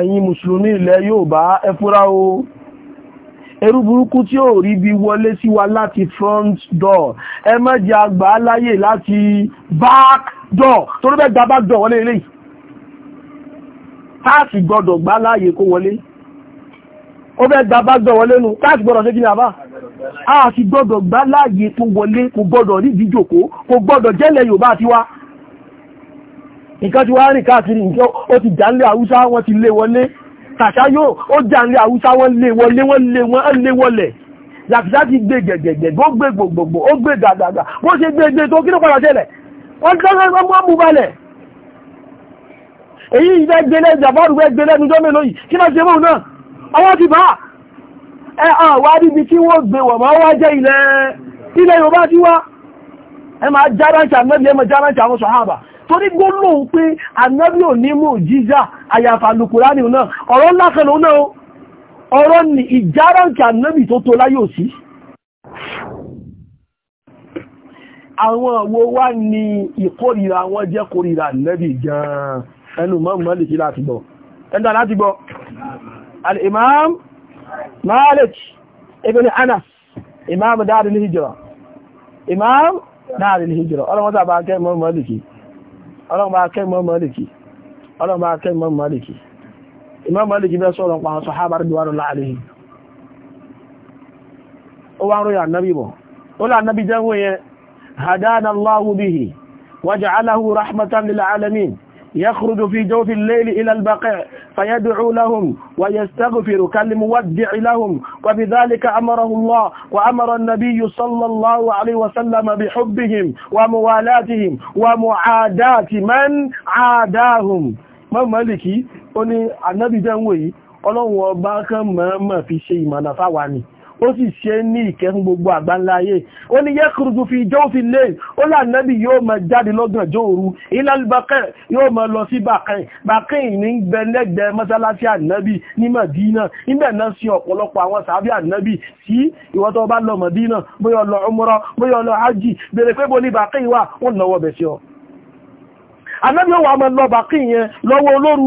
ẹ̀yin mùsùlùmí ilẹ̀ Yorùbá ẹ fura o ẹ̀rù burúkú tí ó rí bí wọlé sí wa láti front door ẹ má jẹ́ àgbà láyè láti back door tó ló bẹ́ gba back door wọlé eléyìí táàsì gbọdọ̀ gbá láàyè kó wọlé ó bẹ́ gba back door wọlé nù táàsì gbọdọ̀ sí kí ni àbá a sì gbọdọ̀ gbá láàyè kó wọlé kò gbọdọ̀ rí ìdíjòkó kò gbọdọ̀ jẹ́lẹ̀ Yorùbá àti wa nǹkan ti wá rìn káàkiri nǹkan ó ti jà ń lé àwúsá wọ́n ti lé wọlé tàṣá yóò ó jà ń lé àwúsá wọ́n lé wọlé wọ́n lé wọ́n lé wọlẹ̀ làkìsá ti gbé gẹ̀gẹ̀gẹ̀ ó gbé gbogbogbò ó gbé gàgàgà bó ṣe gbé gbé tó kí ló padà tẹ́lẹ̀ wọ́n tẹ́lẹ̀ wọ́n mú balẹ̀ èyí ìfẹ́ gbélé jàbáàrù fẹ́ gbélé nujọ́ mélòó yìí kí ló ṣe mọ́ náà àwọn ti bá ẹ àwọn adíbi tí wọ́n gbé torí gbólóhùn pé ànábì ò ní mú jíza àyàfà lùkùránì náà ọ̀rọ̀ ńlá kan lòun náà ọ̀rọ̀ ni ìjáráǹkì ànábì tó tó láyé òsí àwọn wo wá ní ìkórìíra wọn jẹ́ kórìíra ànábì gan-an ẹnu mọ́ Málíkì láti gbọ́ ẹ̀dà Anas imam Dar al-Hijra imam Dar al-Hijra ọlọ́wọ́ta bá kẹ́ mọ́ Málíkì ọlọ́mọ akẹ́mọ́ mọ́lìkì ọlọ́mọ akẹ́mọ́ mọ́lìkì Imam Málìkì bẹ́ sọ́rọ̀ pa sọ̀hábà ríduwárù láàrin ó wá ń ròyìn annabi bọ̀ ó lá annabi jẹ́ wọ́n yẹn hadana Allahu bihi يخرج في جوف الليل إلى البقيع فيدعو لهم ويستغفر كالمودع لهم وبذلك أمره الله وأمر النبي صلى الله عليه وسلم بحبهم وموالاتهم ومعادات من عاداهم ما مالكي أني النبي جانوي ọlọ́run ọba kan mọ́ mọ́ fi ṣe ìmọ̀nà ó sì ṣe ní ìkẹ́ fún gbogbo àgbáńláyé ó ní yẹ́kùrùkù fi ìjọ́ òfin lè ó lànàbí yóò máa jáde lọ́gàn jó òru ìlàlùbákẹ́ yóò máa lọ sí bàkẹ́ bàkẹ́ ìní bẹ lẹ́gbẹ̀ẹ́ mọ́sálásí ànábì ní Màdínà níbẹ̀ náà sí ọ̀pọ̀lọpọ̀ àwọn sàábì ànábì sí ìwọ tó bá lọ Màdínà bóyá lọ ọmọrọ lọ́wọ́ olóru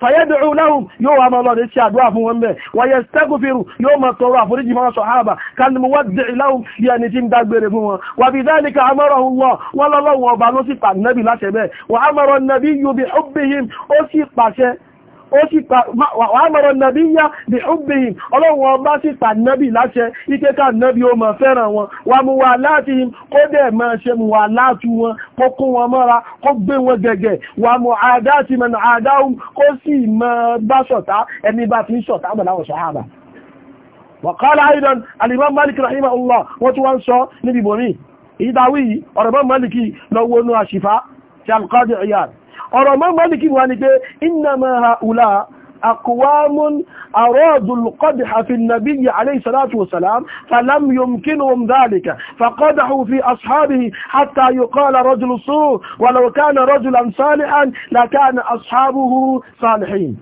fàyẹ́dùrú lẹ́hùn yóò wà máa lọ́dẹ̀ sí àdúrà fún wọn bẹ̀ wàyẹ̀ stẹ́gùfìrù yóò máa tọrọ àforíjì máa sọ̀hábà kálùmùwádìí lẹ́hùn yẹ ni tí ń dágbére fún wọn wà bí ó sì pa wà mọ̀rọ̀ nàbí yá bí ọgbìyìn ọlọ́run ọba sì pa nàbí láṣẹ ike ká nàbí ó máa fẹ́ràn wọn wà mú wà láti him kó dẹ̀ máa ṣe mú wà látú wọn kó kó wọn mọ́ra kó gbé wọn gẹ̀gẹ̀ wà mú àdá sí mọ̀ àdá òun kó sì máa bá ṣọ̀tá ẹni bá fi ń ṣọ̀tá mọ̀ láwọn ṣọ̀hábà wàkọ́lá àìdán alìmọ́ malik rahimah allah wọ́n tún wá ń sọ níbi bòmí ìdáwí ọ̀rọ̀bọ́n maliki lọ́wọ́nú àṣìfá tí alkọ́dì ọ̀yà ọ̀rọ̀ mọ́ Málíkì wà ní pé innama haula أقوام أرادوا القدح في النبي عليه الصلاة والسلام فلم يمكنهم ذلك فقدحوا في أصحابه حتى يقال رجل سوء ولو كان رجلا صالحا لكان أصحابه صالحين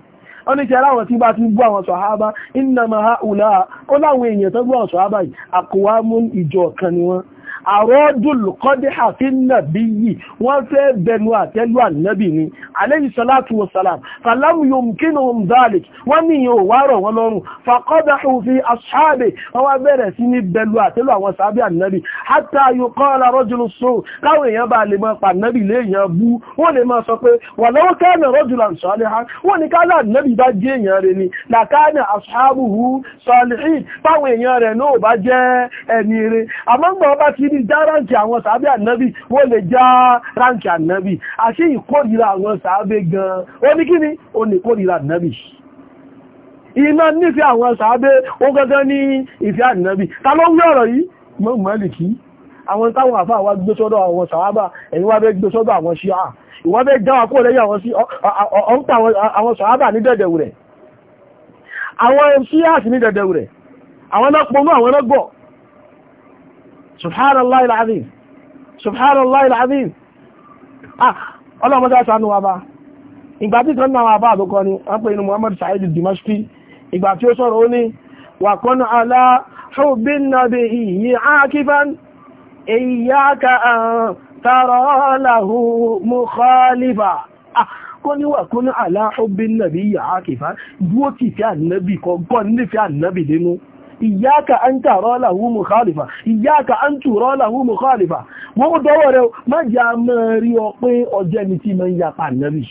wọ́n ní kí aláwọ̀ tí bá ti gbọ́ àwọn sọ̀hábá innama haula ó láwọn èèyàn tó gbọ́ àwọn sọ̀hábá yìí àkọwàmún ìjọ kan ni wọ́n àrọ́dùlùkọ́dé àti nàbí yìí wọ́n fẹ́ bẹnu àtẹ́lú ànábì ni alayhi salatu wa salam falam yumkinuhum dhalik wọ́n ní ìyẹn ò wá rọ̀ wọ́n lọ́rùn faqadahu fi ashabi wọ́n wá bẹ̀rẹ̀ sí ní bẹ̀lú àtẹ́lú àwọn sábẹ́ ànábì hatta yuqala rajulu sọ káwọn èèyàn bá lè ànábì wọ́n lè já ráǹkì ànábì wọ́n ìkórìíra àwọn sàábé gan ó ní kíni ó ní kórìíra ànábì iná nífẹ́ àwọn sàábé ó gẹ́gẹ́ ní ìfẹ́ ànábì ta ló ń gbé ọ̀rọ̀ yìí mọ́ mọ́lìkì àwọn táwọn àfáà wá gbé sọ́dọ̀ àwọn sàábà ẹ̀yin wá bẹ́ gbé sọ́dọ̀ àwọn ṣíà ìwọ́n bẹ́ dáwà kó lẹ́yìn àwọn sí ọ̀pọ̀ àwọn sàábà ní dẹ̀dẹ̀wù rẹ̀ àwọn ṣíà sì ní dẹ̀dẹ̀wù rẹ̀ àwọn lọ́pọ̀nú àwọn lọ́gbọ̀ subhanallah al-azim subhanallah al-azim ah ọlọ́mọdé ṣàánú wa bá ìgbà tí kan náà bá àbúkọ ni wọ́n pè ní Muhammad Said Dimashqi ìgbà tí ó sọ̀rọ̀ ó ní wà kọ́nà alá hubbin nabiyyi akifan iyyaka an tara lahu mukhalifa ah, kọ́ ní wà kọ́nà alá hubbin nabiyyi akifan dúó ti fi wọ́n kó dọ́wọ́ rẹ̀ má jẹ́ àmọ́ rí ọ pé ọjọ́ ẹni tí máa ń yapa ànábì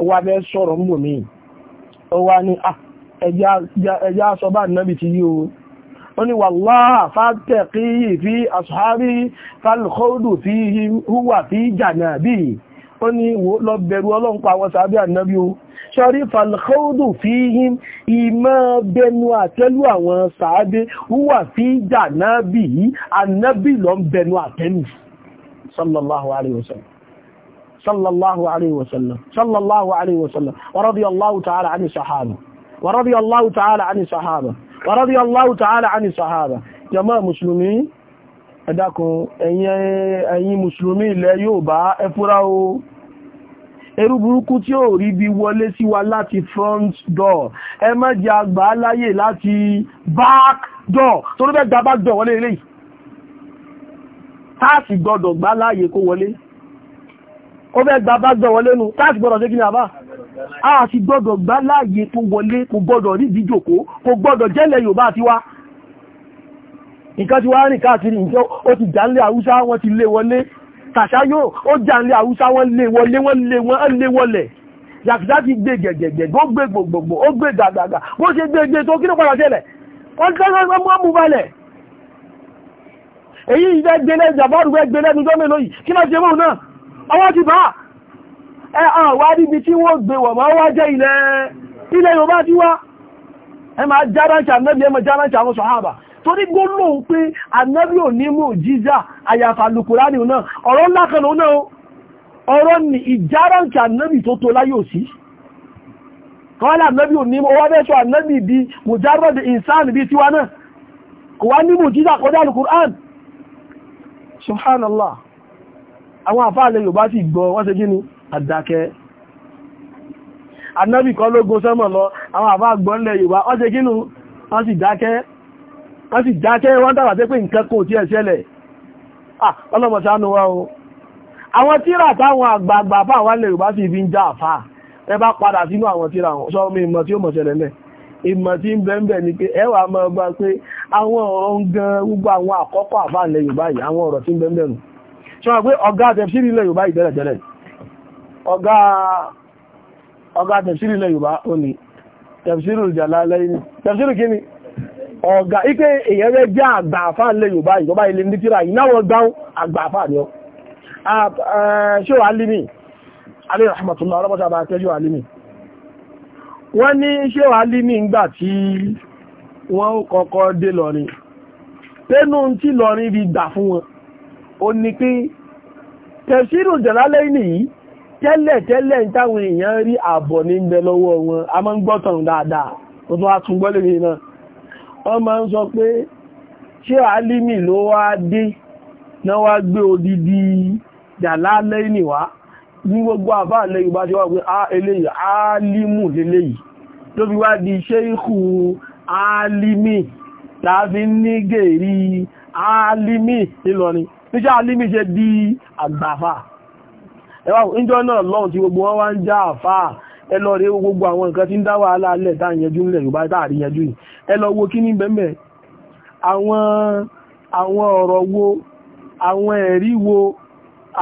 ó wá bẹ́ sọ̀rọ̀ ń bò mí ó wá ní ah, ẹjá sọ bá ànábì ti yí ó ní wàláhà fátẹ̀kì fi àṣàárí fi húwà fi jànàbí ó ní pa àwọn sàábí ṣarífà alkhaudu fíhim ìmọ̀ bẹnu àtẹ́lú àwọn sàábé wúwà fi jà náà bí i annabi lọ bẹnu àtẹ́lù sallallahu alaihi wasallam sallallahu alaihi wasallam sallallahu alaihi wasallam wa radiyallahu ta'ala ani sahaba wa radiyallahu ta'ala ani sahaba wa radiyallahu ta'ala ani sahaba jama muslimi ẹ̀dàkùn ẹ̀yin mùsùlùmí ilẹ̀ Yorùbá Eru burúkú tí ó rí bí wọlé sí wa láti front door ẹ má jẹ́ àgbà láyè láti back door tó ló fẹ́ gba back door wọlé eléyìí táàsì gbọ́dọ̀ gbá láàyè kó wọlé ó fẹ́ gba back door wọlé nu táàsì gbọ́dọ̀ sí kí ni àbá a sì gbọ́dọ̀ gbá láàyè kó wọlé kò gbọ́dọ̀ rí ìdíjòkó kò gbọ́dọ̀ jẹ́lẹ̀ Yorùbá àti wa nǹkan ti wá rìn káàkiri nǹkan ó ti jà ń lé Haúsá wọ́n ti lé wọlé tàṣáyò ó jàǹlẹ̀ àwùsá wọn lé wọlé wọn lé wọn lé wọlẹ̀ yàtúndà ti gbé gẹ̀gẹ̀gẹ̀ ó gbé gbogbogbò ó gbé gàgàgà bó ṣe gbé gbé tó kí ló padà tẹ́lẹ̀ wọ́n tẹ́lẹ̀ wọ́n mú balẹ̀ èyí ìjẹ́ gbélé ìjàbọ́rù fẹ́ gbélé ẹnujọ́ mélòó yìí kí ló ṣe mọ́ náà ọwọ́ ti bá ẹ àwá níbi tí wọ́n gbé wọ̀ mọ́ wá jẹ́ ilẹ̀ Yorùbá ti wá ẹ máa járáńṣà mẹ́bí ẹ máa járáńṣà àwọn sọ̀hábà torí gbólóhùn pé anábì ò ní mú jíza àyàfà lùkùránì náà ọ̀rọ̀ ńlá kan náà ọ̀rọ̀ ni ìjáráǹkì anábì tó tó láyé òsì kọ́lá anábì ò ní mú ọwọ́ mẹ́sọ anábì di mujarrad insan bí tiwa náà kò wá ní mú jíza kọjá lùkùrán subhanallah àwọn àfáàlẹ̀ Yorùbá kan ló go sẹ́mọ̀ lọ àwọn àfáà gbọ́ Yorùbá wọ́n ṣe gínú wọ́n sì dákẹ́ wọ́n sì dákẹ́ wọ́n dára pé nǹkan kò tí ẹ̀ ṣẹlẹ̀ ọlọ́mọ̀sánú wá o àwọn tíra táwọn àgbààgbà fà wà lè Yorùbá sì fi ń já àfà ẹ bá padà sínú àwọn tíra wọn sọ mi ìmọ̀ tí ó mọ̀ ṣẹlẹ̀ lẹ̀ ìmọ̀ tí ń bẹ́ẹ̀ ni pé ẹwà mọ̀ bá pé àwọn ọ̀rọ̀ ń gan gbogbo àwọn àkọ́kọ́ àfà ilẹ̀ Yorùbá yìí àwọn ọ̀rọ̀ tí ń bẹ́ẹ̀ nù ṣe wọ́n pé ọ̀gá tẹ̀síìrì ilẹ̀ Yorùbá yìí tẹ́lẹ̀ tẹ́lẹ̀ ọ̀gá ọ̀gá tẹ̀síìrì ilẹ̀ Yorùbá ó ní tẹ̀síìrì Jalalaini tẹ̀síìrì kíni ọ̀gá ike èyàn rẹ̀ jẹ́ àgbà àfá ilẹ̀ Yorùbá ìjọba ilẹ̀ ní tíra ìnáwọ̀ gbáhùn àgbà àfá ni ọ ṣe wà alìmì alẹ́ rahmatullah ọlọ́pọ̀ta bá tẹ́jú alìmì wọ́n ní ṣe wà alìmì ńgbà tí wọ́n kọ́kọ́ dé lọ́rin tẹ́nu tí lọ́rin rí gbà fún wọn ó ní pé tẹ̀sírù jẹ̀lálẹ́ nìyí tẹ́lẹ̀ tẹ́lẹ̀ ń táwọn èèyàn rí àbọ̀ ní ń bẹ lọ́wọ́ wọn a máa ń gbọ́tàn dáadáa ó tún wá tún gbọ́lẹ̀ náà wọ́n máa ń sọ pé ṣé alimi ló wá dé náà wá gbé odidi jàlá lẹ́yìn wá ní gbogbo àbá lẹ́yìn bá ṣe wá pé a eléyìí alimu lélẹ́yìí tó fi wá di ṣéìkù alimi láàfi ní gèrí alimi ìlọrin níṣẹ́ alimi ṣe di àgbàfà ẹwà ìjọ náà lọ́n tí gbogbo wọn wá ń já àfáà ẹ lọ rẹ gbogbo àwọn nǹkan tí ń dá wàhálà alẹ́ tá à ń yanjú ńlẹ̀ Yorùbá tá à rí yanjú yìí ẹ lọ wo kíní bẹ́ẹ̀ àwọn àwọn ọ̀rọ̀ wo àwọn ẹ̀rí wo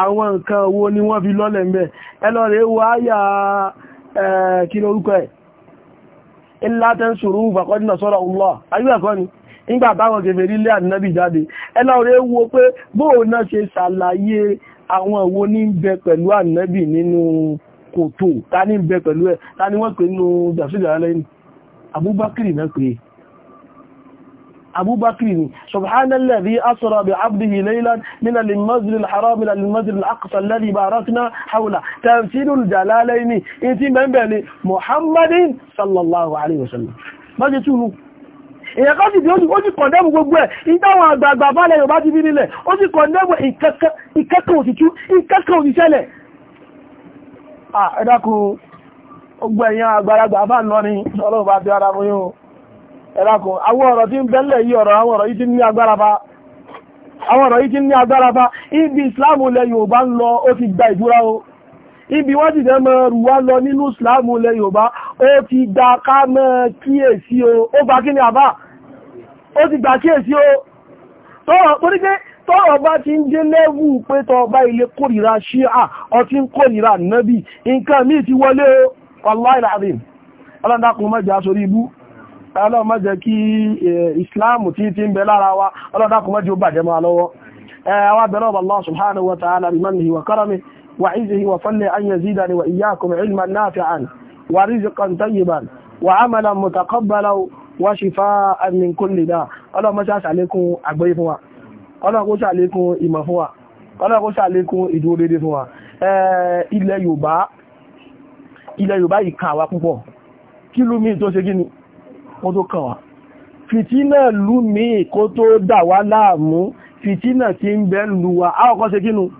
àwọn nǹkan wo ni wọ́n fi lọ́lẹ̀ ńbẹ̀ ẹ lọ rẹ wo àyà kí ni orúkọ ẹ̀ illa tansuru faqad nasarahu ni nígbà àwọn wo ní bẹ pẹ̀lú ànábì nínú kò tó ta ní bẹ pẹ̀lú ẹ̀ ta ni wọ́n pè nínú jàfíjà lẹ́yìn abúbákìrì náà pè abúbákìrì ni subhanalladhi asra bi abdihi laylan min al-masjid al-haram ila al-masjid al-aqsa alladhi barakna hawla tamthilul jalalaini in ti bẹ̀m̀bẹ̀ ni muhammadin sallallahu alaihi wasallam bájẹ́ èyàn kan sì bí ó sì kọ̀ndẹ́mù gbogbo ẹ̀ ìdáwọn àgbààgbà bálẹ̀ Yorùbá ti bí nílẹ̀ ó sì kọ̀ndẹ́mù ìkẹ́kẹ́ òsìtú ìkẹ́kẹ́ òsìṣẹ́lẹ̀ ẹ dákun ogbó ẹ̀yàn agbara bá ń ni ọlọ́run bá bí ara mú yóò ẹ àwọn ọ̀rọ̀ tí ń bẹ́lẹ̀ yí ọ̀rọ̀ àwọn ọ̀rọ̀ yìí ti ní agbára bá ibi ìsìláàmù ilẹ̀ Yorùbá ń lọ gba ìdúrà o ibi wọ́n ti fẹ́ mọ́ lọ nínú ó gba ká kíyèsí o ó gba kí ni àbá ti gba kíyèsí o tó rọ̀ tọ́rọ̀ bá ti ń dé lẹ́wù pé tọba ilé kórìíra ṣíà ọtí ń kórìíra nábì nǹkan míì ti wọlé wallahi alazim ọlọ́dàkùn mọ́jẹ́ asorí ibú ọlọ́mọ́jẹ́ kí islam tí ti ń bẹ lára wa ọlọ́dàkùn mọ́jẹ́ bàjẹ́ wa shifaan min kulli da ọlọ́mọ́jẹ́ àṣàlékún àgbóyé fún wa ọlọ́kó ṣàlékún ìmọ̀ fún wa ọlọ́kó ṣàlékún ìdúró dédé fún wa ilẹ̀ Yorùbá ilẹ̀ Yorùbá yìí kàn wá púpọ̀ kí lú mi tó ṣe gíní kó tó kàn wá fìtínà lú mi kó tó dà wá láàmú fìtínà tí ń bẹ lù wá àwọ̀kọ́ ṣe gínú